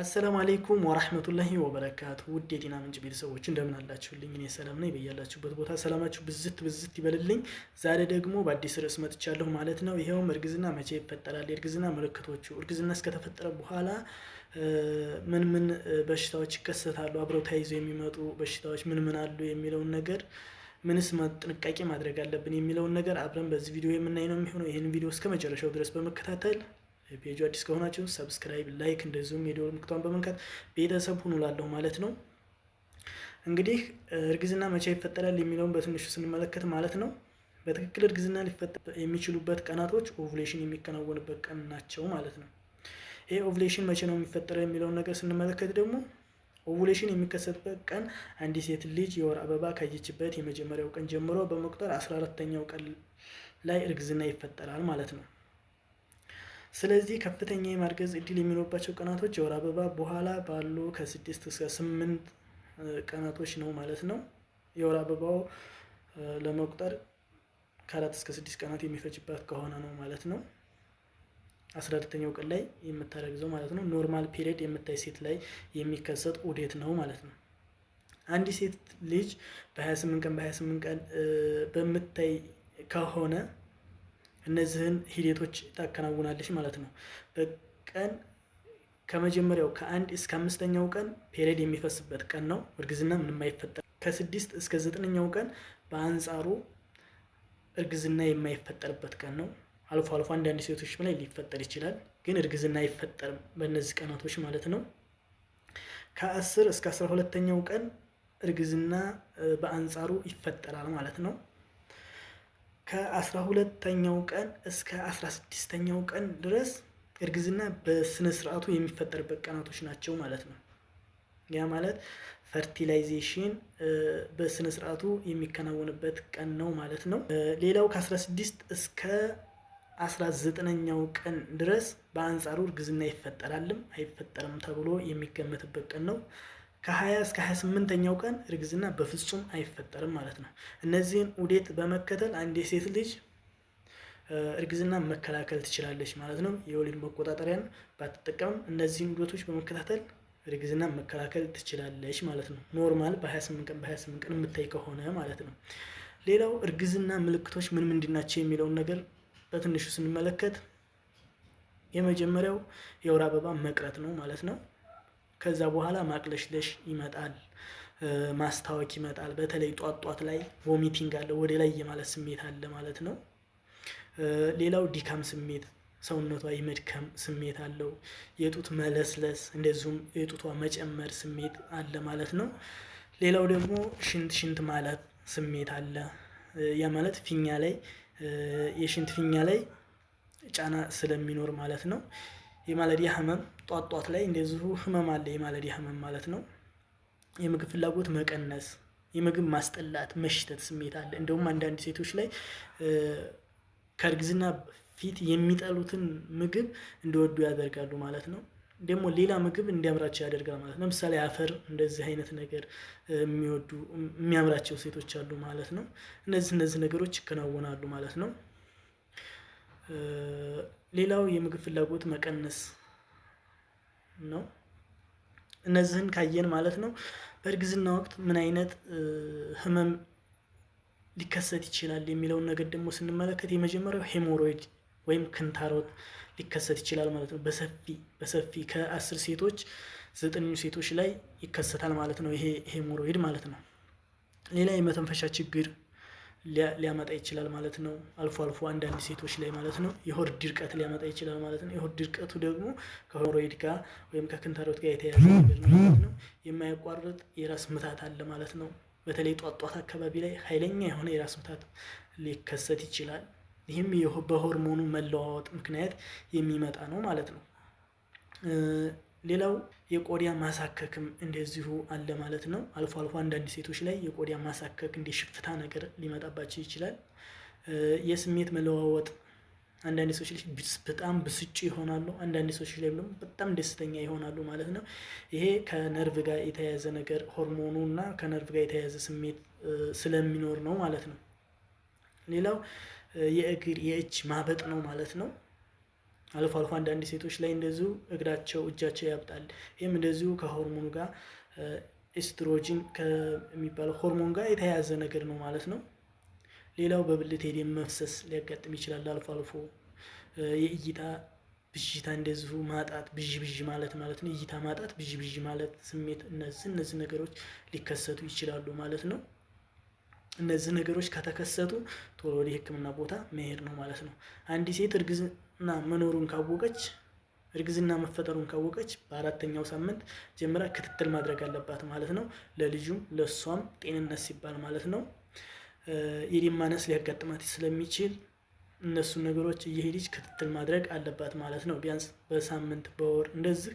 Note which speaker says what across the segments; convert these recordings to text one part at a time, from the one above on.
Speaker 1: አሰላሙ አለይኩም ወራህመቱላሂ ወበረካቱ። ውድ የጤና ምንጭ ቤተሰቦች እንደምን አላችሁልኝ? እኔ ሰላም ነኝ። በያላችሁበት ቦታ ሰላማችሁ ብዝት ብዝት ይበልልኝ። ዛሬ ደግሞ በአዲስ ርዕስ መጥቻለሁ ማለት ነው። ይኸውም እርግዝና መቼ ይፈጠራል፣ የእርግዝና ምልክቶቹ፣ እርግዝና እስከተፈጠረ በኋላ ምን ምን በሽታዎች ይከሰታሉ፣ አብረው ተያይዘው የሚመጡ በሽታዎች ምን ምን አሉ የሚለውን ነገር ምንስ ጥንቃቄ ማድረግ አለብን የሚለውን ነገር አብረን በዚህ ቪዲዮ የምናይ ነው የሚሆነው። ይህን ቪዲዮ እስከ መጨረሻው ድረስ በመከታተል ፔጁ አዲስ ከሆናችሁ ሰብስክራይብ፣ ላይክ እንደዚሁም የደወል ምልክቷን በመንካት ቤተሰብ ሁኑ ማለት ነው። እንግዲህ እርግዝና መቼ ይፈጠራል የሚለውን በትንሹ ስንመለከት ማለት ነው በትክክል እርግዝና ሊፈጠር የሚችሉበት ቀናቶች ኦቭሌሽን የሚከናወንበት ቀን ናቸው ማለት ነው። ይህ ኦቭሌሽን መቼ ነው የሚፈጠረው የሚለውን ነገር ስንመለከት ደግሞ ኦቭሌሽን የሚከሰትበት ቀን አንዲት ሴት ልጅ የወር አበባ ካየችበት የመጀመሪያው ቀን ጀምሮ በመቁጠር አስራ አራተኛው ቀን ላይ እርግዝና ይፈጠራል ማለት ነው። ስለዚህ ከፍተኛ የማርገዝ እድል የሚኖርባቸው ቀናቶች የወር አበባ በኋላ ባሉ ከስድስት እስከ ስምንት ቀናቶች ነው ማለት ነው። የወር አበባው ለመቁጠር ከአራት እስከ ስድስት ቀናት የሚፈጅባት ከሆነ ነው ማለት ነው። አስራ አራተኛው ቀን ላይ የምታረግዘው ማለት ነው። ኖርማል ፒሪየድ የምታይ ሴት ላይ የሚከሰት ዑደት ነው ማለት ነው። አንዲት ሴት ልጅ በ28 ቀን በ28 ቀን በምታይ ከሆነ እነዚህን ሂደቶች ታከናውናለች ማለት ነው። በቀን ከመጀመሪያው ከአንድ እስከ አምስተኛው ቀን ፔሬድ የሚፈስበት ቀን ነው። እርግዝና ምንም አይፈጠር። ከስድስት እስከ ዘጠነኛው ቀን በአንጻሩ እርግዝና የማይፈጠርበት ቀን ነው። አልፎ አልፎ አንዳንድ ሴቶች ላይ ሊፈጠር ይችላል፣ ግን እርግዝና አይፈጠርም በእነዚህ ቀናቶች ማለት ነው። ከአስር እስከ አስራ ሁለተኛው ቀን እርግዝና በአንጻሩ ይፈጠራል ማለት ነው። ከ ከአስራ ሁለተኛው ቀን እስከ አስራ ስድስተኛው ቀን ድረስ እርግዝና በስነ ስርዓቱ የሚፈጠርበት ቀናቶች ናቸው ማለት ነው። ያ ማለት ፈርቲላይዜሽን በስነ ስርዓቱ የሚከናወንበት ቀን ነው ማለት ነው። ሌላው ከ16 እስከ 19ኛው ቀን ድረስ በአንጻሩ እርግዝና ይፈጠራልም አይፈጠርም ተብሎ የሚገመትበት ቀን ነው። ከ እስከ 28 ስምንተኛው ቀን እርግዝና በፍጹም አይፈጠርም ማለት ነው። እነዚህን ውዴት በመከተል አንድ የሴት ልጅ እርግዝና መከላከል ትችላለች ማለት ነው። የወሊድ መቆጣጠሪያን ባትጠቀም እነዚህን ውዴቶች በመከታተል እርግዝና መከላከል ትችላለች ማለት ነው። ኖርማል በ28 ቀን በ28 ቀን የምታይ ከሆነ ማለት ነው። ሌላው እርግዝና ምልክቶች ምን ናቸው የሚለውን ነገር በትንሹ ስንመለከት የመጀመሪያው የወር አበባ መቅረት ነው ማለት ነው። ከዛ በኋላ ማቅለሽለሽ ይመጣል፣ ማስታወክ ይመጣል። በተለይ ጧጧት ላይ ቮሚቲንግ አለ፣ ወደ ላይ የማለት ስሜት አለ ማለት ነው። ሌላው ዲካም ስሜት ሰውነቷ የመድከም ስሜት አለው። የጡት መለስለስ እንደዚሁም የጡቷ መጨመር ስሜት አለ ማለት ነው። ሌላው ደግሞ ሽንት ሽንት ማለት ስሜት አለ። ያ ማለት ፊኛ ላይ የሽንት ፊኛ ላይ ጫና ስለሚኖር ማለት ነው። የማለዲያ ህመም ጧት ጧት ላይ እንደዚሁ ህመም አለ። የማለዲያ ህመም ማለት ነው የምግብ ፍላጎት መቀነስ፣ የምግብ ማስጠላት፣ መሽተት ስሜት አለ። እንደውም አንዳንድ ሴቶች ላይ ከእርግዝና ፊት የሚጠሉትን ምግብ እንዲወዱ ያደርጋሉ ማለት ነው። ደግሞ ሌላ ምግብ እንዲያምራቸው ያደርጋል ማለት ነው። ለምሳሌ አፈር፣ እንደዚህ አይነት ነገር የሚወዱ የሚያምራቸው ሴቶች አሉ ማለት ነው። እነዚህ እነዚህ ነገሮች ይከናወናሉ ማለት ነው። ሌላው የምግብ ፍላጎት መቀነስ ነው። እነዚህን ካየን ማለት ነው በእርግዝና ወቅት ምን አይነት ህመም ሊከሰት ይችላል የሚለውን ነገር ደግሞ ስንመለከት የመጀመሪያው ሄሞሮይድ ወይም ክንታሮት ሊከሰት ይችላል ማለት ነው። በሰፊ በሰፊ ከአስር ሴቶች ዘጠኙ ሴቶች ላይ ይከሰታል ማለት ነው። ይሄ ሄሞሮይድ ማለት ነው። ሌላ የመተንፈሻ ችግር ሊያመጣ ይችላል ማለት ነው። አልፎ አልፎ አንዳንድ ሴቶች ላይ ማለት ነው የሆድ ድርቀት ሊያመጣ ይችላል ማለት ነው። የሆድ ድርቀቱ ደግሞ ከሆሮይድ ጋር ወይም ከክንታሮት ጋር የተያዘ ነገር ማለት ነው። የማያቋርጥ የራስ ምታት አለ ማለት ነው። በተለይ ጧጧት አካባቢ ላይ ኃይለኛ የሆነ የራስ ምታት ሊከሰት ይችላል። ይህም በሆርሞኑ መለዋወጥ ምክንያት የሚመጣ ነው ማለት ነው። ሌላው የቆዳ ማሳከክም እንደዚሁ አለ ማለት ነው። አልፎ አልፎ አንዳንድ ሴቶች ላይ የቆዳ ማሳከክ እንደ ሽፍታ ነገር ሊመጣባቸው ይችላል። የስሜት መለዋወጥ አንዳንድ ሰዎች ላይ በጣም ብስጩ ይሆናሉ። አንዳንድ ሰዎች ላይ ደግሞ በጣም ደስተኛ ይሆናሉ ማለት ነው። ይሄ ከነርቭ ጋር የተያያዘ ነገር ሆርሞኑ እና ከነርቭ ጋር የተያያዘ ስሜት ስለሚኖር ነው ማለት ነው። ሌላው የእግር የእጅ ማበጥ ነው ማለት ነው። አልፎ አልፎ አንዳንድ ሴቶች ላይ እንደዚሁ እግራቸው፣ እጃቸው ያብጣል። ይህም እንደዚሁ ከሆርሞኑ ጋር ኤስትሮጂን ከሚባለው ሆርሞን ጋር የተያያዘ ነገር ነው ማለት ነው። ሌላው በብልት የደም መፍሰስ ሊያጋጥም ይችላል አልፎ አልፎ። የእይታ ብዥታ እንደዚሁ ማጣት፣ ብዥ ብዥ ማለት ማለት ነው። እይታ ማጣት፣ ብዥ ብዥ ማለት ስሜት፣ እነዚህ እነዚህ ነገሮች ሊከሰቱ ይችላሉ ማለት ነው። እነዚህ ነገሮች ከተከሰቱ ቶሎ ወደ ሕክምና ቦታ መሄድ ነው ማለት ነው። አንዲት ሴት እርግዝ እና መኖሩን ካወቀች እርግዝና መፈጠሩን ካወቀች በአራተኛው ሳምንት ጀምራ ክትትል ማድረግ አለባት ማለት ነው። ለልጁም ለእሷም ጤንነት ሲባል ማለት ነው። የደም ማነስ ሊያጋጥማት ስለሚችል እነሱን ነገሮች እየሄደች ክትትል ማድረግ አለባት ማለት ነው። ቢያንስ በሳምንት በወር እንደዚህ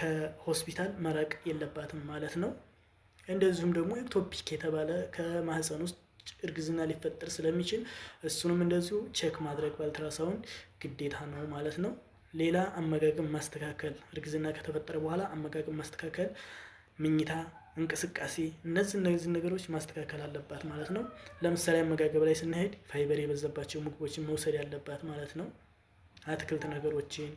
Speaker 1: ከሆስፒታል መራቅ የለባትም ማለት ነው። እንደዚሁም ደግሞ ኤክቶፒክ የተባለ ከማህፀን ውስጥ እርግዝና ሊፈጠር ስለሚችል እሱንም እንደዚሁ ቼክ ማድረግ ባልትራሳውንድ ግዴታ ነው ማለት ነው። ሌላ አመጋገብ ማስተካከል፣ እርግዝና ከተፈጠረ በኋላ አመጋገብ ማስተካከል፣ ምኝታ፣ እንቅስቃሴ እነዚህ እነዚህ ነገሮች ማስተካከል አለባት ማለት ነው። ለምሳሌ አመጋገብ ላይ ስንሄድ ፋይበር የበዛባቸው ምግቦችን መውሰድ ያለባት ማለት ነው። አትክልት ነገሮችን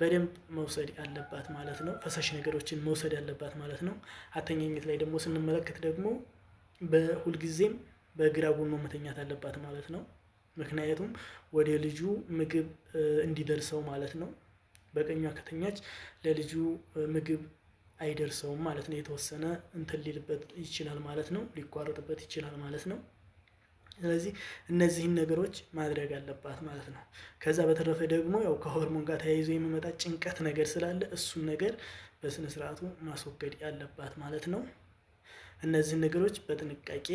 Speaker 1: በደንብ መውሰድ ያለባት ማለት ነው። ፈሳሽ ነገሮችን መውሰድ ያለባት ማለት ነው። አተኛኘት ላይ ደግሞ ስንመለከት ደግሞ በሁልጊዜም በግራ ጎኖ መተኛት አለባት ማለት ነው። ምክንያቱም ወደ ልጁ ምግብ እንዲደርሰው ማለት ነው። በቀኟ ከተኛች ለልጁ ምግብ አይደርሰውም ማለት ነው። የተወሰነ እንትን ሊልበት ይችላል ማለት ነው። ሊቋረጥበት ይችላል ማለት ነው። ስለዚህ እነዚህን ነገሮች ማድረግ አለባት ማለት ነው። ከዛ በተረፈ ደግሞ ያው ከሆርሞን ጋር ተያይዞ የሚመጣ ጭንቀት ነገር ስላለ እሱን ነገር በስነስርዓቱ ማስወገድ ያለባት ማለት ነው። እነዚህን ነገሮች በጥንቃቄ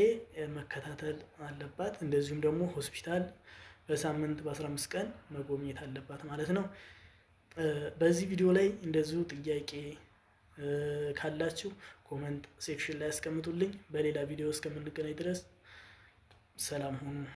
Speaker 1: መከታተል አለባት። እንደዚሁም ደግሞ ሆስፒታል በሳምንት በ15 ቀን መጎብኘት አለባት ማለት ነው። በዚህ ቪዲዮ ላይ እንደዚሁ ጥያቄ ካላችሁ ኮመንት ሴክሽን ላይ ያስቀምጡልኝ። በሌላ ቪዲዮ እስከምንገናኝ ድረስ ሰላም ሁኑ።